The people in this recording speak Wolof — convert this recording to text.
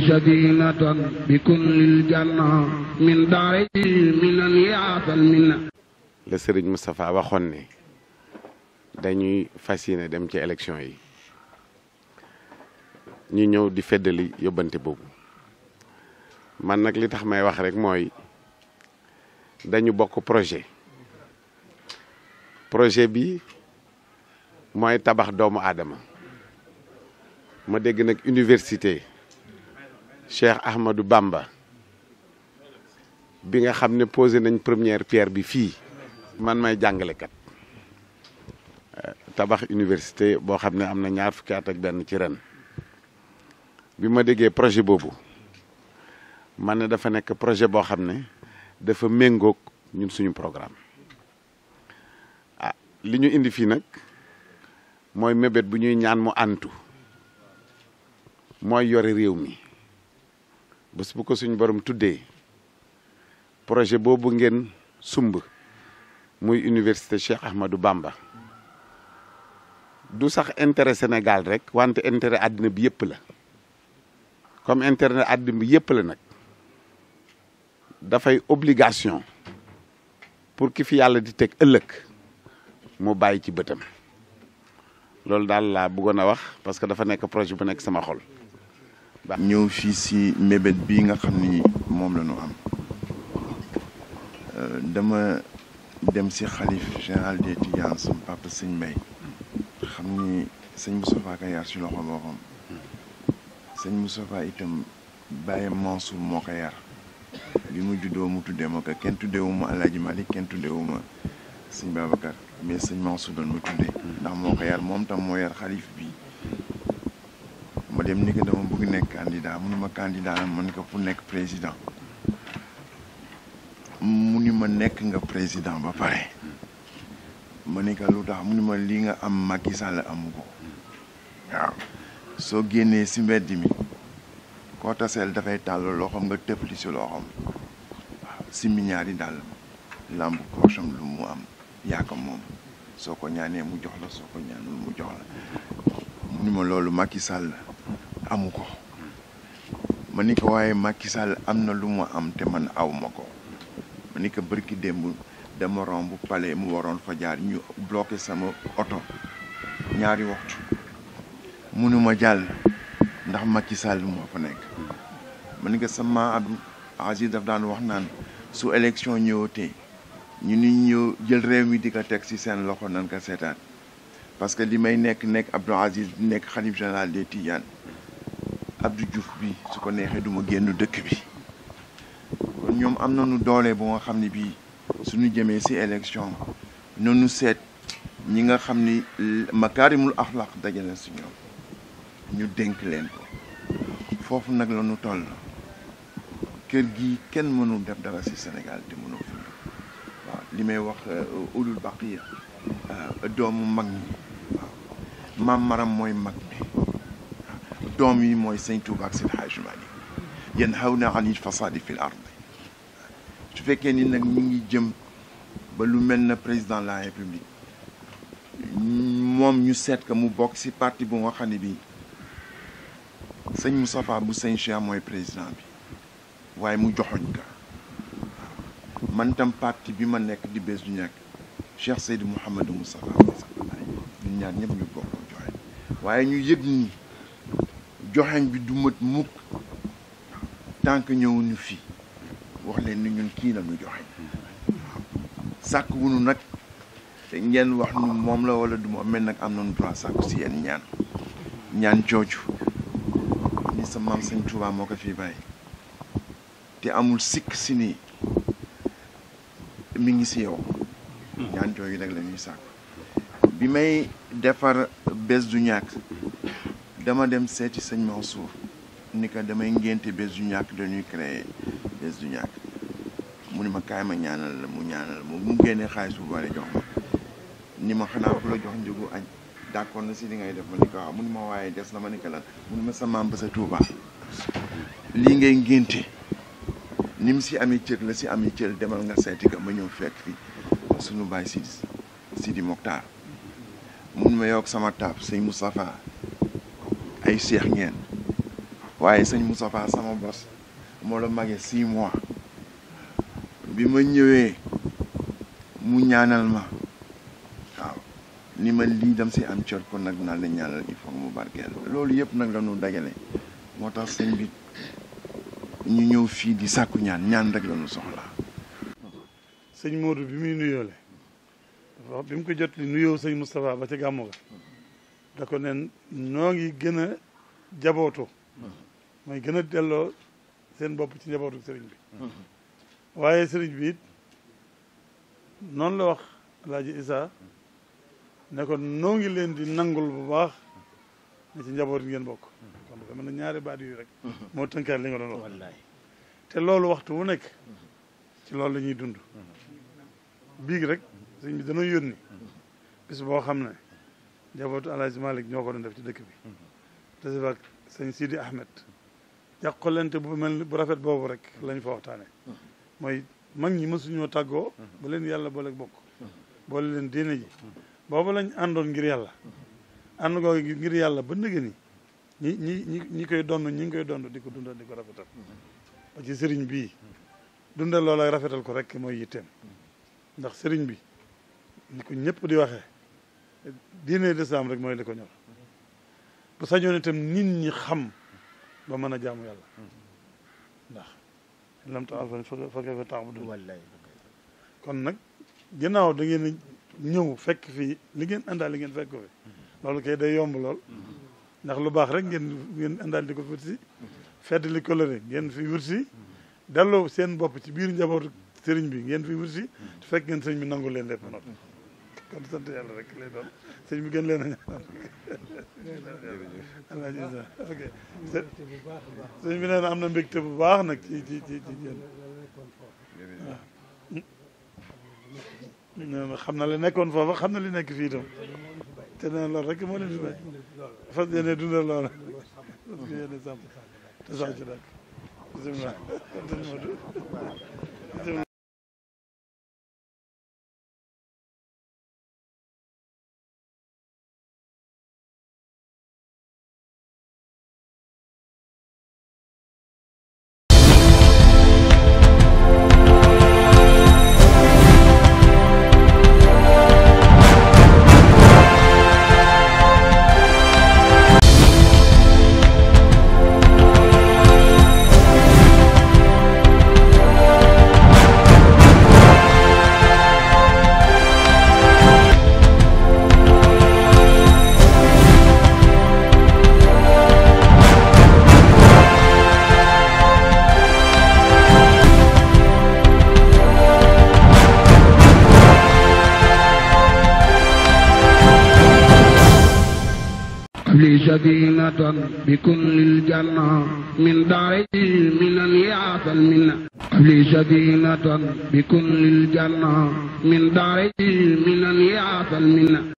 سكينة بكل الجنة من دار من يعطى المنة la sëriñ Moustapha waxoon ne dañuy fas yéene dem ci élection yi ñu ñëw di feddali yóbbante boobu man nag li tax may wax rek mooy dañu bokk projet projet bi mooy tabax doomu aadama ma dégg nag université Cheikh Ahmadou Bamba bi nga xam ne posé nañ première pierre bi fii man may jàngalekat tabax université boo xam ne am na ñaar fukki at ak benn ci ren bi ma déggee projet boobu man ne dafa nekk projet boo xam ne dafa méngoog ñun suñu programme ah li ñu indi fii nag mooy mébét bu ñuy ñaan mu antu mooy yore réew mi bés bu ko suñ borom tuddee projet boobu ngeen sumb muy université Cheikh Ahmadou bàmba du sax intere Sénégal rek wante intérêt àddina bi yëpp la comme intérêt àddina bi yëpp la nag dafay obligation pour ki fi yàlla di teg ëllëg mu bàyyi ci bëtam loolu daal laa buggoon a wax parce que dafa nekk projet bu nekk sama xol ñëw fii si mébét bi nga xam ni moom la am euh, dama dem si xalif général des Tidianes sama papa sëñ Mbaye xam ni sëñ Moustapha ka yar si loxo boppam sëñ Moustapha itam bàyyam Mansour moo ko yar bi mu juddoo mu tuddee ma ko kenn tuddeewuma Alaaji Malik kenn tuddeewuma sëñ Babacar mais sëñ Mansour doon ma tuddee ndax moo ko yar moom tam moo yar xalif bi ma dem ni ko dama bëgg nekk candidat mu ni ma candidat la man ko pour nekk président mu ni ma nekk nga président ba pare ma ni ko lu tax mu ni ma li nga am Macky Sall amu ko waaw soo génnee si mbedd mi koo taseel dafay tàll loxoom nga tëfli si loxoom waaw si miñaari daal làmb poosam lu mu am yaa ko moom soo ko ñaanee mu jox la soo ko ñaanul mu jox la mu ni ma loolu Macky Sall amu ko ma ni ko waaye Macky Sall am na lu mu am te man aw ma ko ma ni ko bërki démb dama romb palais mu waroon fa jaar ñu bloqué sama oto ñaari waxtu mënuma jàll ndax Macky Sall moo ko nekk ma ni ko sama Abdou Aziz daf daan wax naan su élection ñëwatee ñu ni ñëw jël réew mi di ko teg ci seen loxo nan ko seetaan parce que li may nekk nekk Abdou Aziz nekk xalif général des Tidianes Abdou juf bi su ko neexee duma ma génn dëkk bi ñoom am na nu doole bu nga xam ne bii suñu jëmee ci élection noonu seet ñi nga xam ni makaarimul axlaq dajale ci ñoom ñu dénk leen ko foofu nag la nu toll kër gi kenn mënul def dafa ci senegal te mënoo fi waaw li may wax euh, ulul baqiya euh, doomu mag ñi maam maram mooy mag mi doom yi mooy sëñ Tuuba ak seen Hajji Maalik yan xaw na anil fasaadi fil ard su fekkee ni nag ñu ngi jëm ba lu mel na président la république moom ñu seet ka mu bokk ci parti bu nga xam ne bii sëñ Moustapha bu sëñ Cheikh mooy président bi waaye mu joxoñ ka man tam parti bi ma nekk di bés du ñàkk Cheikh Seydou Mouhamadou Moustapha ñun ñaar ñëpp ñu bokk joxe waaye ñu yëg nii joxeñ bi du mët mukk tant que ñëwuñu fii wax leen ni ñun kii la ñu joxeñ sàkk wunu nag te ngeen wax nu moom la wala du ma nag am nañu droit sàkku si yéen ñaan ñaan jooju ni sa maam Sëñ Tuubaa moo ko fii bàyyi te amul sikk si nii mi ngi si yow ñaan jooju rek la ñuy sàkku bi may defar bés du ñàkk dama dem seeti sëñ Mansour ni ko damay ngénte bés du ñàkk dañuy créer bés du ñàkk mu ni ma kaay ma ñaanal la mu ñaanal ma mu génnee xaalis bu bari jox ma ni ma xanaa ku la jox njëgu añ d'accord na si li ngay def ma ni ko mu ni ma waaye des na ma ni ko mu ni ma sa maam ba sa Touba lii ngay ngénte ni mu si amee cër la si amee cër demal nga seeti ko ma ñëw fekk fi sunu baay Sidi Sidi Mokhtar mun ma yokk sama taab sëñ Moustapha ay seex ngeen waaye sëñ Moustapha sama bos moo la magee six mois bi ma ñëwee mu ñaanal ma waaw ni ma lii dem si am cor kon nag naa la ñaanal il mu barkeel loolu yëpp nag la ñu dajale moo tax sëñ bi ñu ñëw fii di sàkku ñaan ñaan rek la ñu soxla sëñ Modou bi muy nuyoole bi mu ko jot li nuyoo sëñ Moustapha ba ca gàmmu ga da ko ne noo ngi gën a jabootu mooy gën a delloo seen bopp ci njabootu sëriñ bi waaye sëriñ bi it noonu la wax Alaaji Isaa ne ko noo ngi leen di nangul bu baax ne ci njaboot ngeen bokk kon dama ne ñaari baat yu rek moo tënkaat li wax te loolu waxtu wu nekk ci loolu lañuy ñuy dund biig rek sëriñ bi dana yónni bis boo xam ne njabootu El Hadj ñoo ko doon def ci dëkk bi. Mhm. tase fa ak sëñ Sidi Ahmed. jàqalante bu mel bu rafet boobu rek lañ fa mhm. mooy mag ñi mësuñoo tàggoo. Mhm. ba leen yàlla booleeg bokk. boole leen diine ji. boobu lañ àndoon ngir yàlla. ànd googu ngir yàlla ba ndëgë ni ñi ñi ñi ñi koy donn ñi ngi koy donn di ko dundal di ko rafetal. ba ci sëriñ bii. dundal loola rafetal ko rek mooy yitteem. ndax sëriñ bi ni ko ñëpp di waxe diine lislaam rek mooy li ko ñor bu sañoon itam nit ñi xam ba mën a jaamu yàlla ndax lam ta alfan fa kayfa ta'budu wallaay kon nag ginnaaw da ngeen ñëw fekk fii li ngeen àndaal li ngeen fekk ko fi mhm. loolu kay day yomb lool mhm. ndax lu baax rek ngeen ngeen àndaal di ko wërsi fedd li coloré fi wërsi mhm. seen bopp ci biir njabootu sëriñ bi ngeen fi wërsi te fekk ngeen sëriñ bi nangu leen lépp noppi kon sant yàlla rek lay doon sëñ bi gën leen a ñaanal alhamdulilah ok sëñ bi nee na am na mbégte bu baax nag ci ci ci ci yéen waaw. xam na li nekkoon foofa xam na li nekk fii itam te nee na loolu rek moo leen fi béy fas yéene dundal te sax ci li sadinatan bi kullil janna min dari minan yaasal minna li sadinatan bi kullil janna min dari minan yaasal minna